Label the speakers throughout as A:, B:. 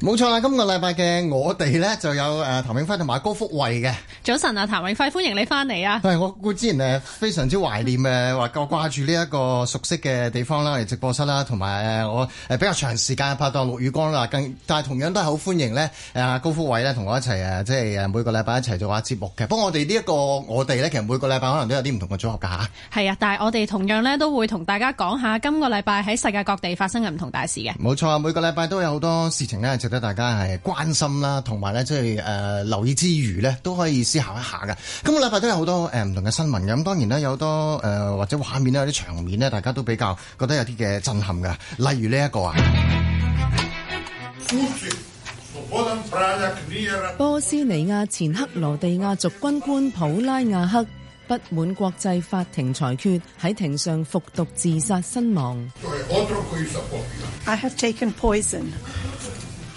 A: 冇錯啦，今個禮拜嘅我哋咧就有誒譚永輝同埋高福慧嘅
B: 早晨啊，譚永輝歡迎你翻嚟啊！
A: 係我固之前誒非常之懷念誒，話夠掛住呢一個熟悉嘅地方啦，嚟直播室啦，同埋誒我誒比較長時間拍檔陸宇光啦，更但係同樣都係好歡迎咧誒高福慧咧同我一齊啊，即係誒每個禮拜一齊做下節目嘅。不過我哋呢一個我哋咧，其實每個禮拜可能都有啲唔同嘅組合噶吓。
B: 係啊，但係我哋同樣咧都會同大家講下今個禮拜喺世界各地發生嘅唔同大事嘅。
A: 冇錯，每個禮拜都有好多事情咧。得大家係關心啦，同埋咧即係誒留意之餘咧，都可以思考一下嘅。今、那個禮拜都有好多誒唔、呃、同嘅新聞，咁當然咧有好多誒、呃、或者畫面呢，有啲場面咧，大家都比較覺得有啲嘅震撼㗎，例如呢一個啊。
C: 波斯尼亞前克羅地亞族軍官普拉亞克不滿國際法庭裁決，喺庭上服毒自殺身亡。
B: I have taken poison.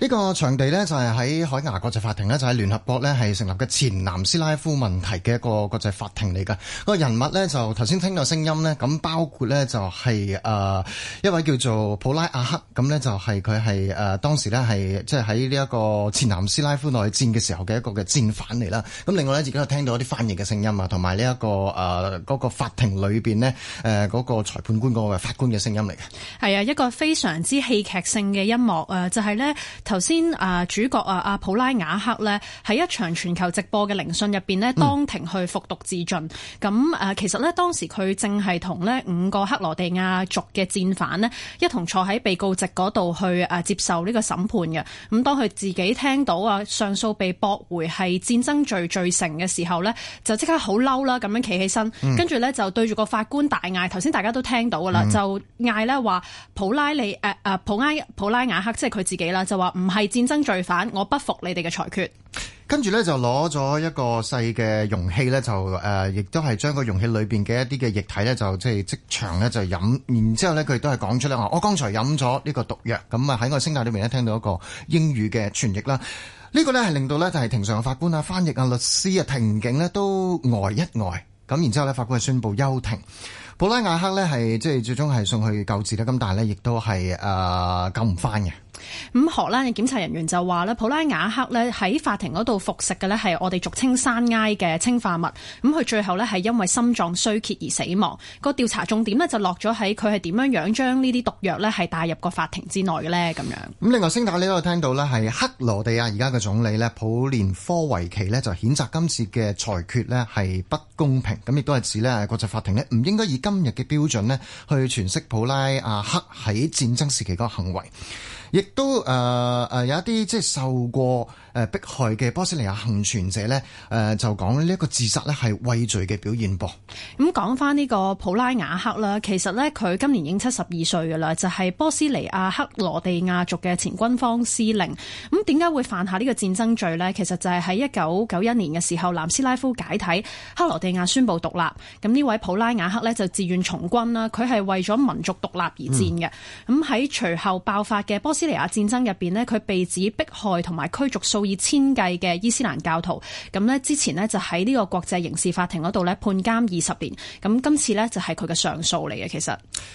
A: 呢、這個場地咧就係喺海牙國際法庭咧，就喺、是、聯合國咧係成立嘅前南斯拉夫問題嘅一個國際法庭嚟㗎。這個人物咧就頭先聽到聲音咧，咁包括咧就係、是、誒、呃、一位叫做普拉亞克，咁咧就係佢係誒當時咧係即係喺呢一個前南斯拉夫內戰嘅時候嘅一個嘅戰犯嚟啦。咁另外咧自己聽到一啲翻譯嘅聲音啊，同埋呢一個誒嗰、呃那個法庭裏邊呢，誒、呃、嗰、那個裁判官嗰個法官嘅聲音嚟嘅。
B: 係啊，一個非常之戲劇性嘅一幕啊，就係、是、咧。頭先啊，主角啊，阿普拉雅克咧，喺一場全球直播嘅聆訊入面呢，當庭去服毒自盡。咁、嗯、啊，其實呢當時佢正係同呢五個克羅地亞族嘅戰犯呢一同坐喺被告席嗰度去接受呢個審判嘅。咁當佢自己聽到啊上訴被駁回係戰爭罪罪成嘅時候呢，就即刻好嬲啦，咁樣企起身、嗯，跟住呢就對住個法官大嗌。頭先大家都聽到噶啦，就嗌呢話普拉利誒、啊、普拉普拉雅克即係佢自己啦，就話。唔係戰爭罪犯，我不服你哋嘅裁決。
A: 跟住呢，就攞咗一個細嘅容器呢就誒，亦、呃、都係將個容器裏邊嘅一啲嘅液體呢，就即係即，即，即場呢就飲。然之後呢，佢亦都係講出呢我我剛才飲咗呢個毒藥。咁啊喺我聲帶裏面呢，聽到一個英語嘅傳譯啦。呢、這個呢，係令到呢，就係、是、庭上嘅法官啊、翻譯啊、律師啊、庭警呢都呆一呆。咁然之後呢，法官係宣布休庭。布拉雅克呢，係即係最終係送去救治啦。咁但係呢，亦都係誒、呃、救唔翻嘅。
B: 咁荷蘭嘅檢察人員就話咧，普拉亞克咧喺法庭嗰度服食嘅呢係我哋俗稱山埃嘅氰化物，咁佢最後呢係因為心臟衰竭而死亡。個調查重點呢就落咗喺佢係點樣樣將呢啲毒藥呢係帶入個法庭之內嘅咧咁樣。
A: 咁另外，星仔咧，我聽到呢係克羅地亞而家嘅總理呢普連科維奇呢就譴責今次嘅裁決呢係不公平，咁亦都係指呢國際法庭呢唔應該以今日嘅標準呢去詮釋普拉亞克喺戰爭時期嗰個行為。亦都誒誒有一啲即係受過。誒迫害嘅波斯尼亞幸存者呢，誒、呃、就講呢一個自殺咧係畏罪嘅表現噃。
B: 咁講翻呢個普拉雅克啦，其實呢，佢今年已經七十二歲嘅啦，就係、是、波斯尼亞克羅地亞族嘅前軍方司令。咁點解會犯下呢個戰爭罪呢？其實就係喺一九九一年嘅時候，南斯拉夫解體，克羅地亞宣布獨立。咁呢位普拉雅克呢，就自願從軍啦，佢係為咗民族獨立而戰嘅。咁、嗯、喺隨後爆發嘅波斯尼亞戰爭入邊呢，佢被指迫害同埋驅逐數。二千計嘅伊斯蘭教徒，咁呢之前呢就喺呢個國際刑事法庭嗰度呢判監二十年，咁今次呢就係佢嘅上訴嚟嘅。其實，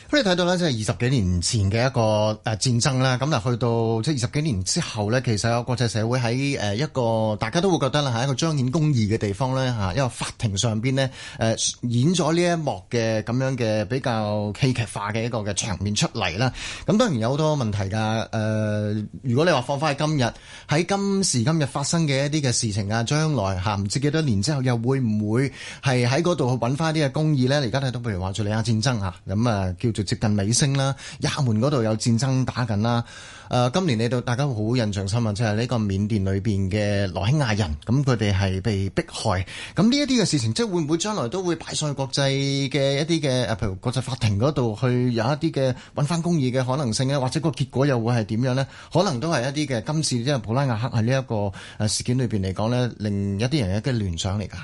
A: 咁你睇到呢，即係二十幾年前嘅一個誒戰爭啦，咁但去到即係二十幾年之後呢，其實有國際社會喺誒一個大家都會覺得啦，係一個彰顯公義嘅地方呢。吓，因為法庭上邊呢，誒演咗呢一幕嘅咁樣嘅比較戲劇化嘅一個嘅場面出嚟啦。咁當然有好多問題噶，誒，如果你話放翻喺今日喺今時。今日發生嘅一啲嘅事情啊，將來吓唔知幾多年之後又會唔會係喺嗰度去搵返啲嘅公義呢？而家睇到譬如話敍利亞戰爭啊，咁啊叫做接近尾聲啦。也門嗰度有戰爭打緊啦。誒，今年嚟到，大家好印象深刻就係、是、呢個緬甸裏面嘅羅興亞人，咁佢哋係被迫害。咁呢一啲嘅事情，即係會唔會將來都會擺上國際嘅一啲嘅誒，譬如國際法庭嗰度去有一啲嘅搵翻公義嘅可能性呢？或者個結果又會係點樣呢？可能都係一啲嘅今次即係普拉亞克呢一個誒事件裏邊嚟講呢，另一啲人嘅聯想嚟噶。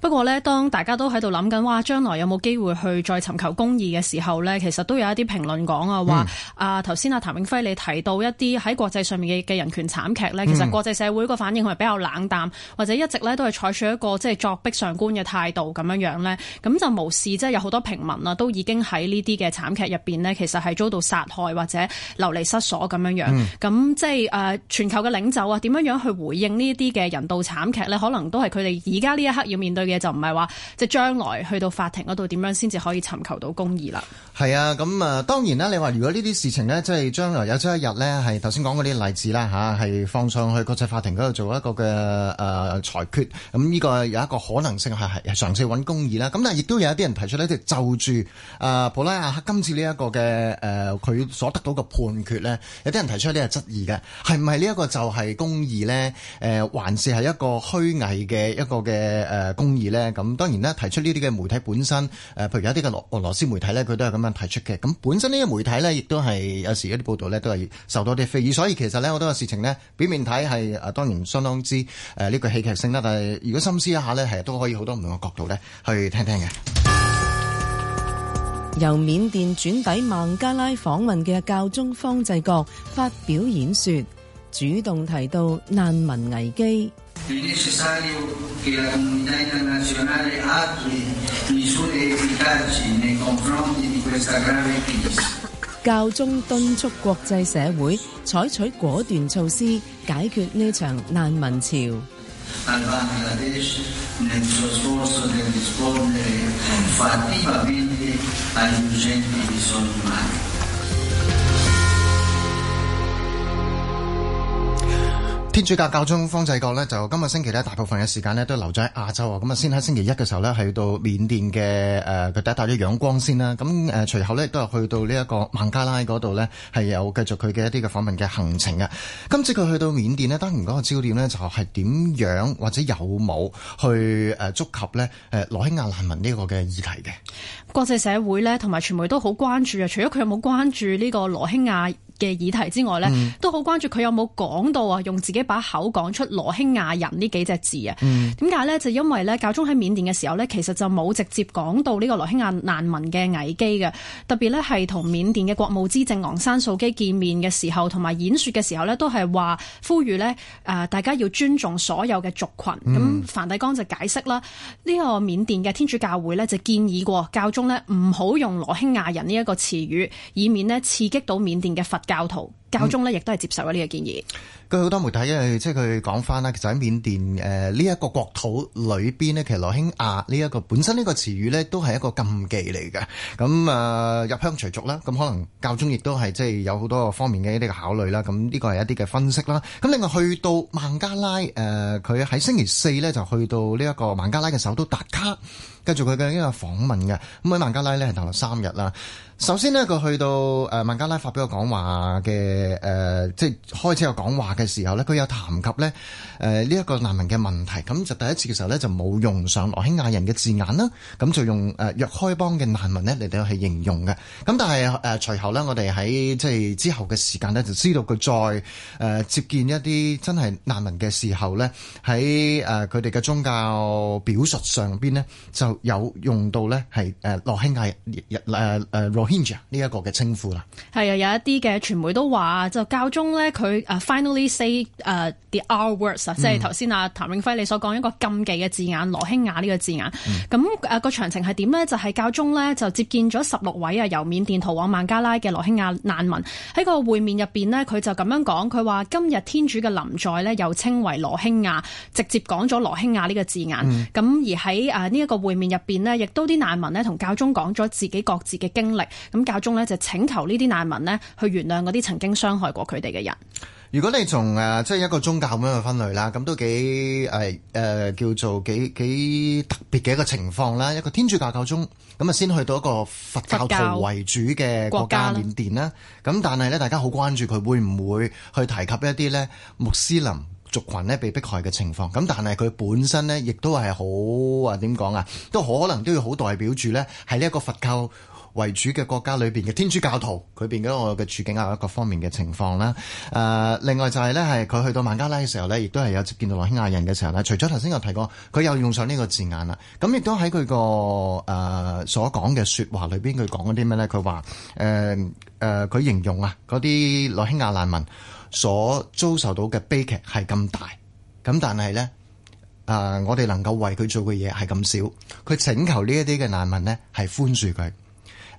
B: 不過呢，當大家都喺度諗緊，哇，將來有冇機會去再尋求公義嘅時候呢，其實都有一啲評論講啊，話啊，頭先阿譚永輝你提到一啲喺國際上面嘅嘅人權慘劇呢，其實國際社會個反應係比較冷淡，或者一直呢都係採取一個即係、就是、作逼上觀嘅態度咁樣樣呢。咁就無視，即、就、係、是、有好多平民啊都已經喺呢啲嘅慘劇入邊呢，其實係遭到殺害或者流離失所咁樣樣。咁、嗯、即係誒、啊，全球嘅領袖啊，點樣樣？去回應呢一啲嘅人道慘劇咧，可能都係佢哋而家呢一刻要面對嘅，就唔係話即係將來去到法庭嗰度點樣先至可以尋求到公義啦。
A: 係啊，咁啊，當然啦。你話如果呢啲事情咧，即係將來有朝一日咧，係頭先講嗰啲例子啦，吓，係放上去國際法庭嗰度做一個嘅誒、呃、裁決，咁呢個有一個可能性係係嘗試揾公義啦。咁但係亦都有一啲人提出呢就是、就住誒、呃、普拉亞克今次呢一個嘅誒佢所得到嘅判決咧，有啲人提出呢啲係質疑嘅，係唔係呢一個就係公義咧？咧、呃，誒還是係一個虛偽嘅一個嘅誒公義咧。咁當然咧，提出呢啲嘅媒體本身，誒、呃，譬如有啲嘅俄俄羅斯媒體咧，佢都係咁樣提出嘅。咁本身呢個媒體咧，亦都係有時一啲報導咧，都係受多啲非議。所以其實咧，好多嘅事情呢，表面睇係誒當然相當之誒呢、呃呢個戲劇性啦。但係如果深思一下咧，係都可以好多唔同嘅角度咧去聽聽嘅。
C: 由緬甸轉抵孟加拉訪問嘅教宗方濟各發表演說。主動提到難民危機，教宗敦促國際社會採取果斷措施，解決呢場難民潮。
A: 主教教宗方濟各呢，就今日星期呢，大部分嘅時間呢都留咗喺亞洲啊。咁啊，先喺星期一嘅時候去、呃、呢，係到緬甸嘅誒，佢第一到咗仰光先啦。咁誒，隨後呢亦都係去到呢一個孟加拉嗰度呢，係有繼續佢嘅一啲嘅訪問嘅行程嘅。今次佢去到緬甸呢，當然嗰個焦點呢，就係點樣或者有冇去誒觸及呢誒羅興亞難民呢個嘅議題嘅。
B: 國際社會呢，同埋傳媒都好關注啊，除咗佢有冇關注呢個羅興亞嘅議題之外咧、嗯，都好關注佢有冇講到啊，用自己把口講出羅興亞人呢幾隻字啊？點、嗯、解呢？就因為咧，教宗喺緬甸嘅時候呢，其實就冇直接講到呢個羅興亞難民嘅危機嘅。特別咧，係同緬甸嘅國務資政昂山素基見面嘅時候，同埋演說嘅時候呢，都係話呼籲呢，大家要尊重所有嘅族群。咁梵蒂岡就解釋啦，呢、這個緬甸嘅天主教會呢，就建議過教宗呢唔好用羅興亞人呢一個詞語，以免呢刺激到緬甸嘅佛教徒。教宗咧，亦都係接受咗呢個建議。
A: 據、嗯、好多媒體係即係佢講翻啦，就是、其實喺緬甸誒呢一個國土裏邊呢其實羅興亞呢、這、一個本身呢個詞語呢都係一個禁忌嚟嘅。咁、嗯、誒、呃、入鄉隨俗啦，咁可能教宗亦都係即係有好多方面嘅一啲嘅考慮啦。咁呢個係一啲嘅分析啦。咁另外去到孟加拉誒，佢、呃、喺星期四呢就去到呢一個孟加拉嘅首都達卡，跟住佢嘅一個訪問嘅。咁、嗯、喺孟加拉呢，係停留三日啦。首先呢，佢去到誒、呃、孟加拉發表個講話嘅。誒、呃、誒，即係開始有講話嘅時候咧，佢有談及咧，誒呢一個難民嘅問題，咁就第一次嘅時候咧，就冇用上羅興亞人嘅字眼啦，咁就用誒若開邦嘅難民咧嚟到去形容嘅。咁但係誒隨後咧，我哋喺即係之後嘅時間咧，就知道佢再誒接見一啲真係難民嘅時候咧，喺誒佢哋嘅宗教表述上邊咧就有用到咧係誒羅興亞誒誒羅興亞呢一個嘅稱呼
B: 啦。係啊，有一啲嘅傳媒都話。啊！就教宗咧，佢啊 finally say 誒、uh, the R words、嗯就是、啊，即係頭先阿譚永輝你所講一個禁忌嘅字眼羅興亞呢個字眼。咁、嗯、個、那個詳情係點咧？就係、是、教宗咧就接見咗十六位啊由緬甸逃往孟加拉嘅羅興亞難民喺個會面入邊咧，佢就咁樣講，佢話今日天主嘅臨在咧又稱為羅興亞，直接講咗羅興亞呢個字眼。咁、嗯、而喺呢一個會面入邊咧，亦都啲難民咧同教宗講咗自己各自嘅經歷，咁教宗咧就請求呢啲難民咧去原諒嗰啲曾經。傷害過佢哋嘅人。
A: 如果你從誒，即係一個宗教咁樣去分類啦，咁都幾誒誒，叫做幾幾特別嘅一個情況啦。一個天主教教宗咁，啊，先去到一個佛教徒為主嘅國家緬甸啦。咁但係咧，大家好關注佢會唔會去提及一啲咧穆斯林族群咧被迫害嘅情況。咁但係佢本身咧，亦都係好啊？點講啊？都可能都要好代表住咧，係呢一個佛教。為主嘅國家裏邊嘅天主教徒，佢邊嘅我嘅處境啊，各方面嘅情況啦。誒、呃，另外就係、是、咧，係佢去到孟加拉嘅時候咧，亦都係有接見到羅興亞人嘅時候咧。除咗頭先有提過，佢又用上呢個字眼啦。咁亦都喺佢個誒所講嘅說話裏邊，佢講嗰啲咩咧？佢話誒誒，佢、呃呃、形容啊，嗰啲羅興亞難民所遭受到嘅悲劇係咁大，咁但係咧誒，我哋能夠為佢做嘅嘢係咁少，佢請求呢一啲嘅難民呢，係寬恕佢。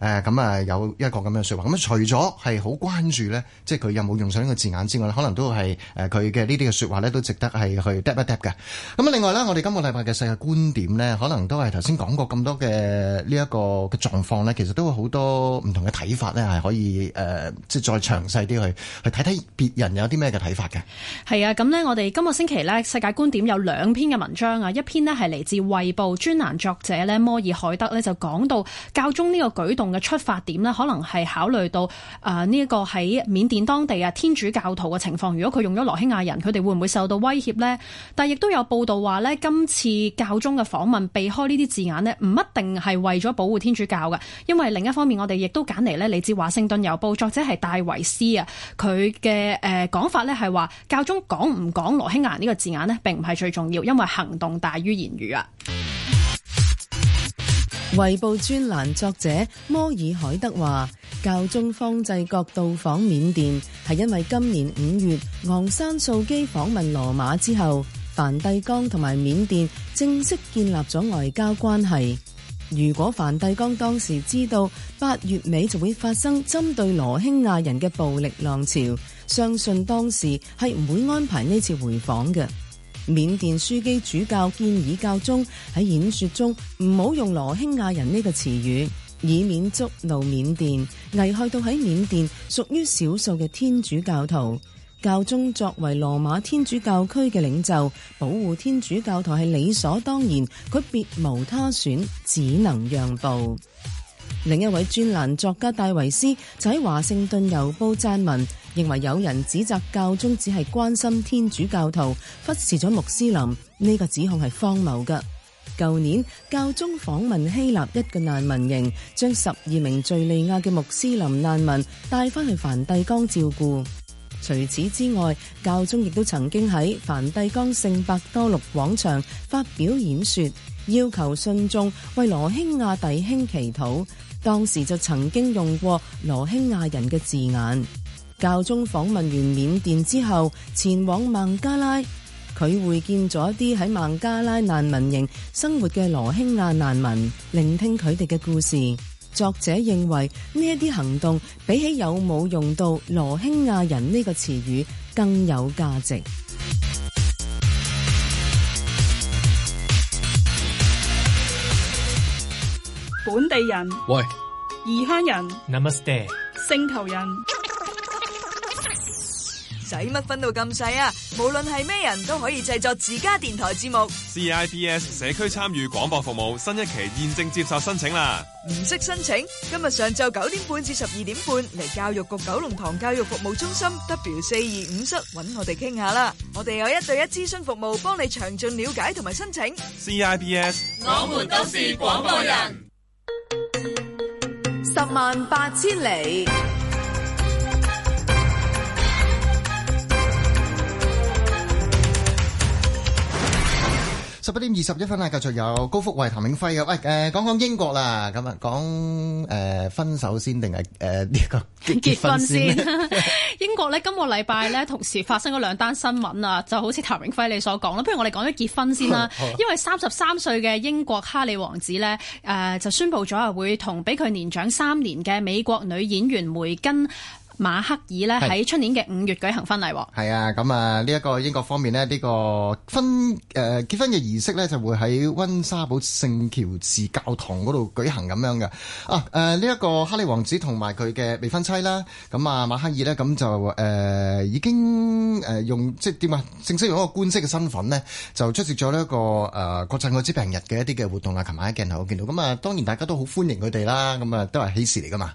A: 誒咁啊，有一個咁嘅說話。咁、嗯、除咗係好關注咧，即係佢有冇用上呢個字眼之外，可能都係誒佢嘅呢啲嘅說話咧，都值得係去 deep 一 deep 嘅。咁、嗯、另外呢，我哋今個禮拜嘅世界觀點呢，可能都係頭先講過咁多嘅呢一個嘅狀況呢，其實都會好多唔同嘅睇法呢，係可以誒、呃，即係再詳細啲去去睇睇別人有啲咩嘅睇法嘅。
B: 係啊，咁呢，我哋今個星期呢，世界觀點有兩篇嘅文章啊，一篇呢係嚟自《衞報》專欄作者呢摩爾海德呢，就講到教宗呢個舉動。嘅出發點咧，可能係考慮到啊呢一個喺緬甸當地啊天主教徒嘅情況，如果佢用咗羅興亞人，佢哋會唔會受到威脅呢？但係亦都有報道話呢，今次教宗嘅訪問避開呢啲字眼呢，唔一定係為咗保護天主教嘅，因為另一方面我哋亦都揀嚟咧，嚟自華盛頓郵報作者係戴維斯啊，佢嘅誒講法呢係話，教宗講唔講羅興亞呢個字眼呢，並唔係最重要，因為行動大於言語啊。
C: 《衛報》專欄作者摩爾海德話：教宗方濟各到訪緬甸，係因為今年五月昂山素基訪問羅馬之後，梵蒂岡同埋緬甸正式建立咗外交關係。如果梵蒂岡當時知道八月尾就會發生針對羅興亞人嘅暴力浪潮，相信當時係唔會安排呢次回訪嘅。緬甸樞機主教建議教宗喺演說中唔好用羅興亞人呢個詞語，以免觸怒緬甸，危害到喺緬甸屬於少數嘅天主教徒。教宗作為羅馬天主教區嘅領袖，保護天主教徒係理所當然，佢別無他選，只能讓步。另一位專欄作家戴維斯就喺華盛頓郵報撰文。認為有人指責教宗只係關心天主教徒，忽視咗穆斯林呢個指控係荒謬嘅。舊年教宗訪問希臘一個難民營，將十二名敘利亞嘅穆斯林難民帶翻去梵蒂岡照顧。除此之外，教宗亦都曾經喺梵蒂岡聖伯多祿廣場發表演說，要求信眾為羅興亞弟兄祈禱。當時就曾經用過羅興亞人嘅字眼。教宗訪問完緬甸之後，前往孟加拉，佢會見咗一啲喺孟加拉難民營生活嘅羅興亞難民，聆聽佢哋嘅故事。作者認為呢一啲行動比起有冇用到羅興亞人呢個詞語更有價值。
B: 本地人，喂，異鄉人，Namaste，聖頭人。使乜分到咁細啊！無論係
C: 咩人都可以製作自家電台節目。
A: CIBS 社區參與廣播服務新一期現正接受申請啦！
C: 唔識申請？今日上晝九點半至十二點半嚟教育局九龍塘教育服務中心 W 四二五室揾我哋傾下啦！我哋有一對一諮詢服務，幫你詳盡了解同埋申請。
A: CIBS，
C: 我們都是廣播人，十萬八千里。
A: 十一點二十一分啊，繼續有高福慧、譚永輝啊，喂，誒講講英國啦，咁啊，講、呃、誒分手先定係誒呢個
B: 結婚先？ 英國咧，今個禮拜咧同時發生咗兩單新聞啊，就好似譚永輝你所講啦，不如我哋講咗結婚先啦，因為三十三歲嘅英國哈里王子咧，誒、呃、就宣布咗啊，會同比佢年長三年嘅美國女演員梅根馬克爾喺出年嘅五月舉行婚禮，
A: 係啊，咁啊呢一個英國方面呢，呢、這個婚誒、呃、結婚嘅儀式呢，就會喺溫莎堡聖喬治教堂嗰度舉行咁樣嘅啊誒呢一個哈利王子同埋佢嘅未婚妻啦，咁啊馬克爾呢，咁就誒、呃、已經誒用即係點啊正式用一個官式嘅身份呢，就出席咗呢一個誒國際艾滋病日嘅一啲嘅活動啦，琴晚喺鏡頭見到，咁啊當然大家都好歡迎佢哋啦，咁啊都係喜事嚟噶嘛，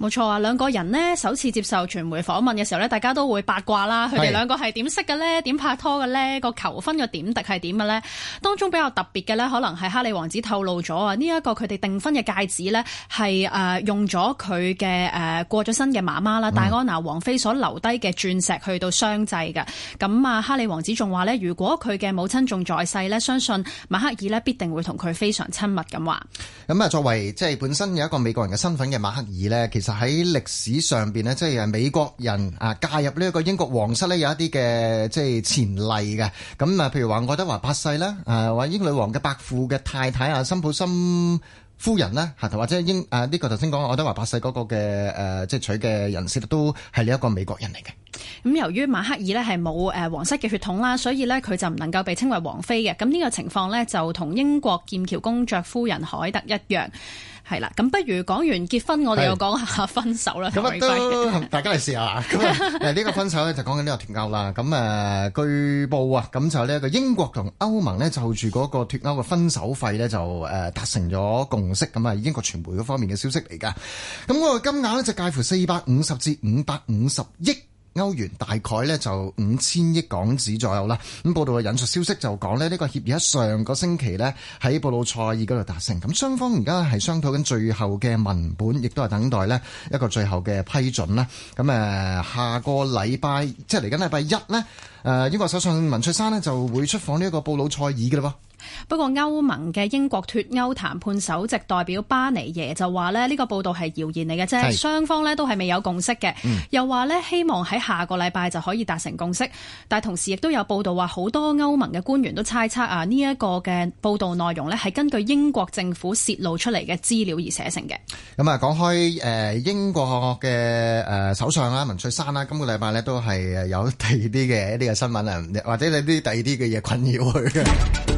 B: 冇錯啊，兩個人呢首次接。受傳媒訪問嘅時候呢，大家都會八卦啦。佢哋兩個係點識嘅呢？點拍拖嘅呢？個求婚嘅點滴係點嘅呢？當中比較特別嘅呢，可能係哈里王子透露咗啊。呢一個佢哋訂婚嘅戒指呢，係誒用咗佢嘅誒過咗身嘅媽媽啦，戴安娜王妃所留低嘅鑽石去到鑲製嘅。咁啊，哈里王子仲話呢，如果佢嘅母親仲在世呢，相信馬克爾呢必定會同佢非常親密咁話。
A: 咁啊，作為即係本身有一個美國人嘅身份嘅馬克爾呢，其實喺歷史上邊呢。即係。美國人啊，嫁入呢一個英國皇室咧，有一啲嘅即係前例嘅。咁啊，譬如話愛德華八世啦，啊，英女王嘅伯父嘅太太啊，辛普森夫人啦，嚇，或者英啊呢、這個頭先講愛德華八世嗰、那個嘅誒，即係娶嘅人士都係呢一個美國人嚟嘅。
B: 咁由於馬克爾呢係冇誒皇室嘅血統啦，所以呢，佢就唔能夠被稱為皇妃嘅。咁呢個情況呢，就同英國劍橋公爵夫人凱特一樣。係啦，咁不如講完結婚，我哋又講下分手啦。咁啊大
A: 家嚟試下啦。誒，呢個分手咧就講緊呢個脱歐啦。咁誒、呃，據報啊，咁就呢一個英國同歐盟咧就住嗰個脱歐嘅分手費咧就誒達、呃、成咗共識。咁啊，英國傳媒嗰方面嘅消息嚟噶。咁嗰個金額咧就介乎四百五十至五百五十億。歐元大概咧就五千億港紙左右啦。咁報道嘅引述消息就講呢，呢個協議喺上個星期喺布魯塞爾嗰度達成。咁雙方而家係商討緊最後嘅文本，亦都係等待一個最後嘅批准啦。咁誒，下個禮拜即係嚟緊禮拜一呢，誒，英國首相文翠珊就會出訪呢一個布魯塞爾嘅啦噃。
B: 不過歐盟嘅英國脫歐談判首席代表巴尼耶就話咧，呢個報道係謠言嚟嘅，即係雙方咧都係未有共識嘅、嗯。又話咧希望喺下個禮拜就可以達成共識，但係同時亦都有報道話好多歐盟嘅官員都猜測啊呢一、這個嘅報道內容咧係根據英國政府泄露出嚟嘅資料而寫成嘅。
A: 咁、嗯、啊，講開誒、呃、英國嘅誒、呃、首相啦、啊，文翠珊啦、啊，今個禮拜咧都係誒有第二啲嘅一啲嘅新聞啊，或者你啲第二啲嘅嘢困擾佢。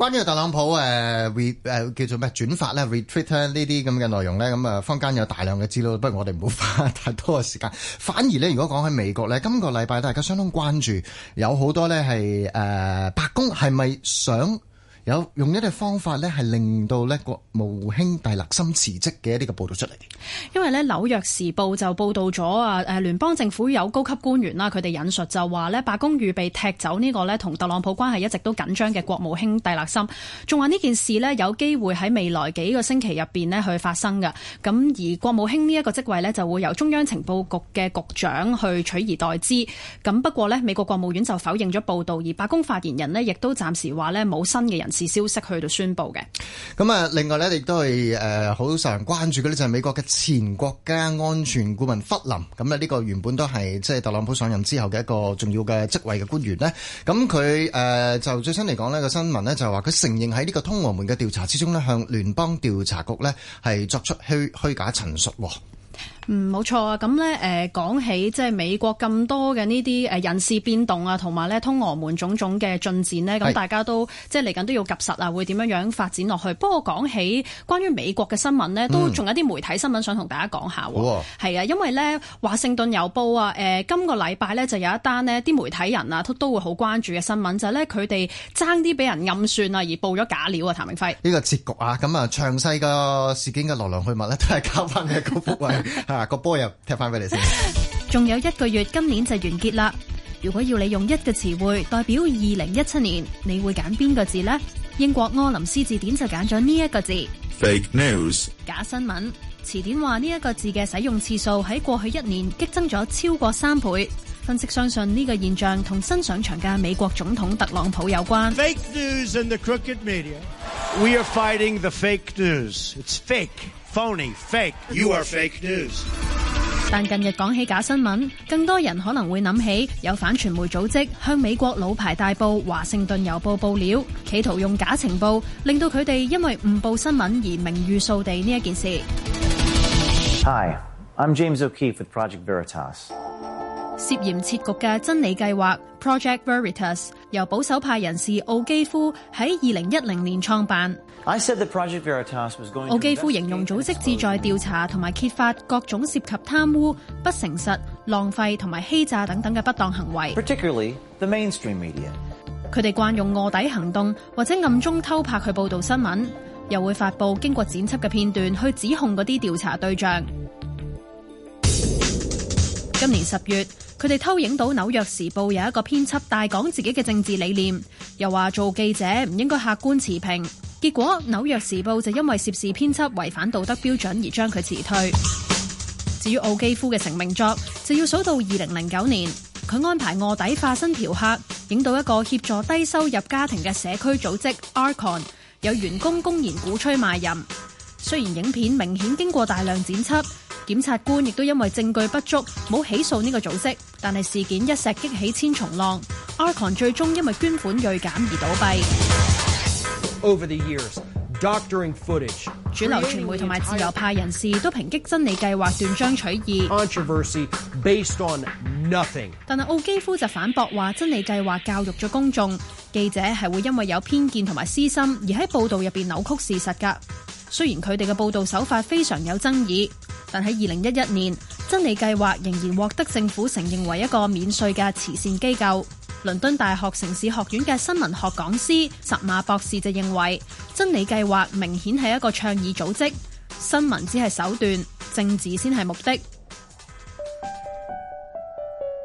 A: 關於特朗普誒、uh, r、uh, 叫做咩轉發咧、uh, retweet 呢啲咁嘅內容咧，咁、uh, 啊坊間有大量嘅資料，不如我哋唔好花太多嘅時間。反而咧，如果講喺美國咧，今個禮拜大家相當關注，有好多咧係誒白宮係咪想？有用一啲方法呢，係令到呢國務卿蒂勒森辭職嘅一啲嘅報道出嚟。
B: 因為呢紐約時報就報道咗啊，誒聯邦政府有高級官員啦，佢哋引述就話呢，白宮預備踢走呢個呢同特朗普關係一直都緊張嘅國務卿蒂勒森，仲話呢件事呢，有機會喺未來幾個星期入邊呢去發生嘅。咁而國務卿呢一個職位呢，就會由中央情報局嘅局長去取而代之。咁不過呢，美國國務院就否認咗報道，而白宮發言人呢，亦都暫時話呢冇新嘅人。次消息去到宣布嘅，
A: 咁啊，另外呢，亦都係誒，好、呃、受人關注嘅咧，就係美國嘅前國家安全顧問弗林，咁啊，呢個原本都係即係特朗普上任之後嘅一個重要嘅職位嘅官員呢，咁佢誒就最新嚟講呢個新聞呢，就係話佢承認喺呢個通俄門嘅調查之中呢，向聯邦調查局呢，係作出虛虛假陳述。
B: 嗯，冇錯啊。咁咧，誒講起即係美國咁多嘅呢啲人事變動啊，同埋咧通俄門種種嘅進展呢，咁大家都即係嚟緊都要及實啊。會點樣樣發展落去？不過講起關於美國嘅新聞呢，都仲有啲媒體新聞想同大家講下。係、嗯、啊，因為咧華盛頓郵報啊，誒、呃、今個禮拜咧就有一單呢啲媒體人啊都都會好關注嘅新聞，就係咧佢哋爭啲俾人暗算啊，而報咗假料啊。譚明輝
A: 呢個結局啊，咁啊詳細個事件嘅來龍去脈咧，都係交翻你高福慧 啊！個波又踢翻俾你先。
B: 仲 有一個月，今年就完結啦。如果要你用一個詞彙代表二零一七年，你會揀邊個字呢？英國柯林斯字典就揀咗呢一個字。
C: Fake news，
B: 假新聞。詞典話呢一個字嘅使用次數喺過去一年激增咗超過三倍。分析相信呢個現象同新上場嘅美國總統特朗普有關。Fake
C: news and the crooked media. We are fighting the fake news. It's fake. Phony, fake. You are fake news.
B: 但近日講起假新聞，更多人可能會諗起有反傳媒組織向美國老牌大報《華盛頓郵報》報料，企圖用假情報令到佢哋因為誤報新聞而名譽掃地呢一件事。
A: Hi, I'm James O'Keefe with Project Veritas.
B: 涉嫌設局嘅真理計劃 （Project Veritas） 由保守派人士奧基夫喺二零一零年創辦。
A: 奧基夫形
B: 容組織志在調查同埋揭發各種涉及貪污、不誠實、浪費同埋欺詐等等嘅不當行為。Particularly the mainstream media. 佢哋慣用卧底行動或者暗中偷拍去報導新聞，又會發布經過剪輯嘅片段去指控嗰啲調查對象。今年十月。佢哋偷影到《紐約時報》有一個編輯大講自己嘅政治理念，又話做記者唔應該客觀持平。結果《紐約時報》就因為涉事編輯違反道德標準而將佢辭退。至於奧基夫嘅成名作，就要數到二零零九年，佢安排臥底化身嫖客，影到一個協助低收入家庭嘅社區組織 ACORN，有員工公然鼓吹賣淫。雖然影片明顯經過大量剪輯。檢察官亦都因為證據不足冇起訴呢個組織，但係事件一石激起千重浪，ACORN 最終因為捐款銳減而倒閉。
C: Years,
B: footage, 主流傳媒同埋自由派人士都抨擊真理計劃斷章取義。Based on nothing. 但係奧基夫就反駁話，真理計劃教育咗公眾記者係會因為有偏見同埋私心而喺報道入邊扭曲事實噶。雖然佢哋嘅報道手法非常有爭議。但喺二零一一年，真理計劃仍然獲得政府承認為一個免稅嘅慈善機構。倫敦大學城市學院嘅新聞學講師十馬博士就認為，真理計劃明顯係一個倡議組織，新聞只係手段，政治先係目的。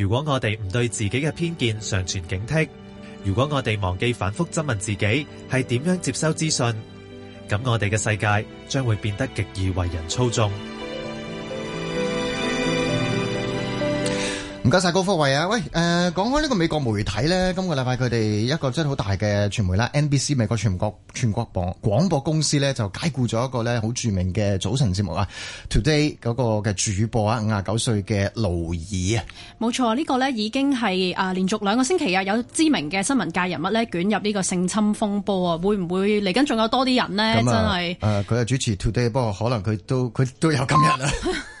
A: 如果我哋唔對自己嘅偏見常存警惕，如果我哋忘記反覆質問自己係點樣接收資訊，咁我哋嘅世界將會變得極易為人操縱。唔該晒高福慧啊，喂，誒、呃，講開呢個美國媒體咧，今個禮拜佢哋一個真係好大嘅傳媒啦，NBC 美國全國全國廣廣播公司咧就解雇咗一個咧好著名嘅早晨節目啊，Today 嗰個嘅主播啊，五十九歲嘅勞爾啊，
B: 冇錯，呢、這個咧已經係啊連續兩個星期啊有知名嘅新聞界人物咧捲入呢個性侵風波啊，會唔會嚟緊仲有多啲人呢？呃、真係，誒、呃，
A: 佢係主持 Today，不過可能佢都佢都有今日啊。